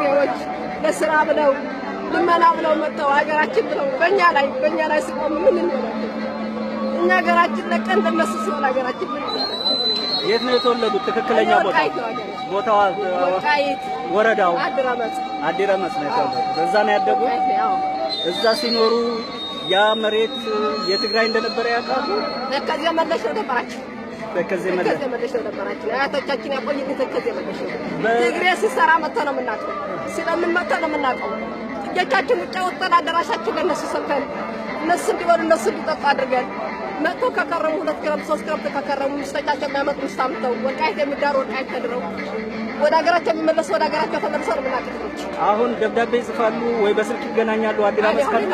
ፍሬዎች ለስራ ብለው ልመና ብለው መጥተው ሀገራችን ብለው በእኛ ላይ በእኛ ላይ ሲቆሙ ምን እኛ ሀገራችን ለቀን ለነሱ ሲሆን ሀገራችን የት ነው የተወለዱት? ትክክለኛ ቦታ ቦታዋ ወረዳው ነው የተወለዱት። ነው እዛ ሲኖሩ ያ መሬት የትግራይ እንደነበረ ያውቃሉ። ከዚያ መለሽ ነው ተከዜ መለሽ ነው ነበራችን። አያቶቻችን ያቆዩን ተከዜ መለሽ ነው። ትግሬ ሲሰራ መጥቶ ነው የምናውቀው፣ ሲለምን መጥቶ ነው የምናውቀው። ጥጆቻችን ውጭ ወጥተን አዳራሻችን ለእነሱ ሰጥተን እነሱ እንዲበሉ እነሱ እንዲጠጡ አድርገን መጥቶ ከከረሙ ሁለት ክረምት ሶስት ክረምት ከከረሙ ሚስቶቻቸው የሚያመጡ ሚስት ወልቃይት የሚዳሩ ወልቃይት ተድረው ወደ ሀገራቸው የሚመለሱ ወደ ሀገራቸው ተመልሰው ነው የምናውቀው። አሁን ደብዳቤ ይጽፋሉ ወይ በስልክ ይገናኛሉ። አዲላ መስቀል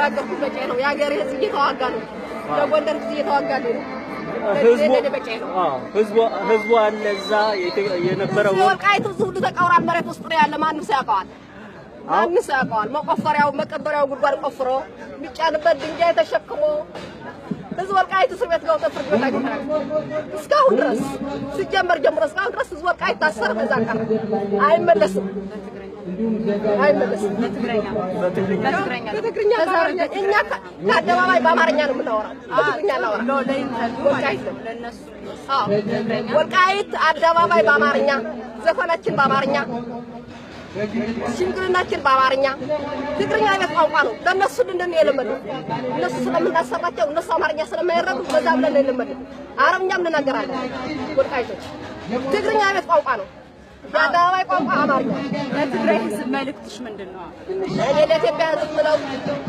ነው የሀገሬ ህዝብ እየተዋጋ ነው፣ ለጎንደር ህዝብ እየተዋጋ ነው ህዝቡ አለ እዛ የነበረው ወልቃይት ህዝብ ሁሉ ተቃውራ መሬት ውስጥ ነው ያለ። ማንም ሰው ያውቀዋል፣ ማንም ሰው ያውቀዋል። መቆፈሪያው መቀበሪያው ጉድጓድ ቆፍሮ የሚጫንበት ድንጋይ ተሸክሞ ህዝብ ወልቃይት እስር ቤት ገብቶ ፍርድ ቤት አይገባም። እስካሁን ድረስ ሲጀመር ጀምሮ እስካሁን ድረስ ህዝብ ወልቃይት ታሰረ፣ ከዛ ቀረ አይመለስም። እኛ ከአደባባይ በአማርኛ ነው የምናወራው። ወልቃይት አደባባይ በአማርኛ ዘፈናችን በአማርኛ ሽምግልናችን በአማርኛ ትግርኛ ቤት ቋንቋ ነው። ለእነሱ ድንድን የለመዱ እነሱ ስለምናሰባቸው እነሱ አማርኛ ስለማይረዱ በዛ ብለን የለመዱ አረብኛም እንናገራለን። ወልቃይቶች ትግርኛ ቤት ቋንቋ ነው። አደባባይ ቋንቋ አማርኛ ለትግራይ ህዝብ መልእክትሽ ምንድን ነው? እኔ ለኢትዮጵያ ህዝብ ምለው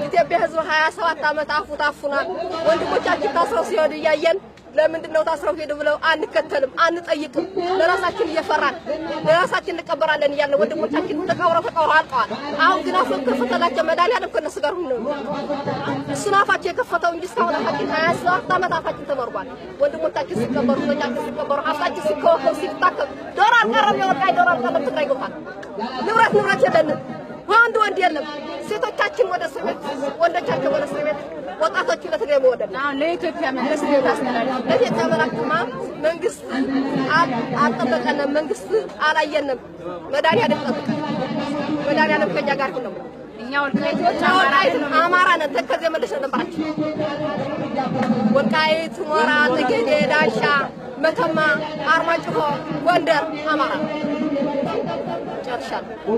ኢትዮጵያ ህዝብ ሀያ ሰባት ዓመት አፉ ታፉናል ወንድሞቻችን ታስረው ሲሄዱ እያየን ለምንድን ነው ታስረው ሄዱ ብለው አንከተልም፣ አንጠይቅም። ለራሳችን እየፈራን ለራሳችን እንቀበራለን እያልን ወንድሞቻችን ተቀብረው ተቀብረው አልቀዋል። አሁን ግን አፉን ከፈተላቸው መድኃኒዓለም ከነሱ ጋር ሁሉ እሱን አፋቸው የከፈተው እንጂ እስካሁን አፋችን ሀያ ሰባት ዓመት አፋችን ተመርጓል። ወንድሞቻችን ሲቀበሩ፣ ቶቻችን ሲቀበሩ፣ ሀብታችን ሲከወከው ሲታከም ጠንካራ የወርቅ አይደራ ትግራይ ገብታል። ንብረት ንብረት የለንም። ወንድ ወንድ የለም። ሴቶቻችን ወደ እስር ቤት፣ ወንዶቻችን ወደ እስር ቤት፣ ወጣቶቹ ለትግራይ መወደድ ለኢትዮጵያ መንግስት ለኢትዮጵያ መላክማ መንግስት አልጠበቀንም። መንግስት አላየንም። መድኃኒዓለም ጠብቅ። መድኃኒዓለም ከእኛ ጋር ነው። እኛ ወልቃይቶች አማራ ነን። ተከዜ መልሰን ነባችሁ ወልቃይት፣ ሞራ፣ ጠገዴ፣ ዳንሻ መተማ፣ አርማጭሆ፣ ጎንደር፣ አማራ ጨርሻለሁ።